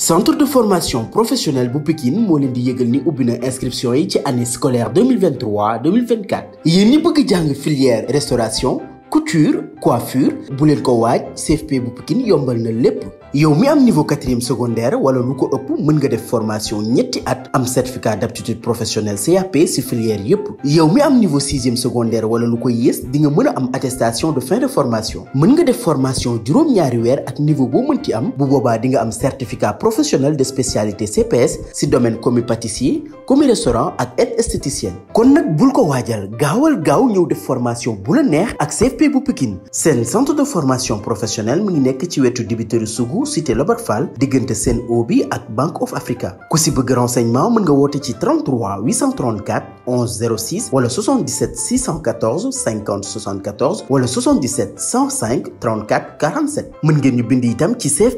centre de formation professionnelle bu molin moo leen di inscription yi ci année scolaire 2023 2024 yéen ñi bëgg jàng filière restauration couture coiffure bu leen ko CFP bu yombal yow mi am niveau 4e secondaire wala lu ko mën formation at am certificat d'aptitude professionnelle CAP ci filière yépp yow mi am niveau sixième secondaire wala lu ko di am attestation de fin de formation mën nga def formation juróom-ñaari weer ak niveau boo am bu boobaa di am certificat professionnel de spécialité CPS si domaine commis pâtissier commis restaurant ak esthéticienne kon nag bul ko waajal gaawal formation bu neex ak centre de formation professionnelle mu ngi nekk ci cité Lobat Fall diggante seen o Bank of Africa ku plus bëgg renseignement mën nga ci 33 834 11 06 wala 77 614 50 74 wala 77 105 34 47 mën ngeen ñu bind itam ci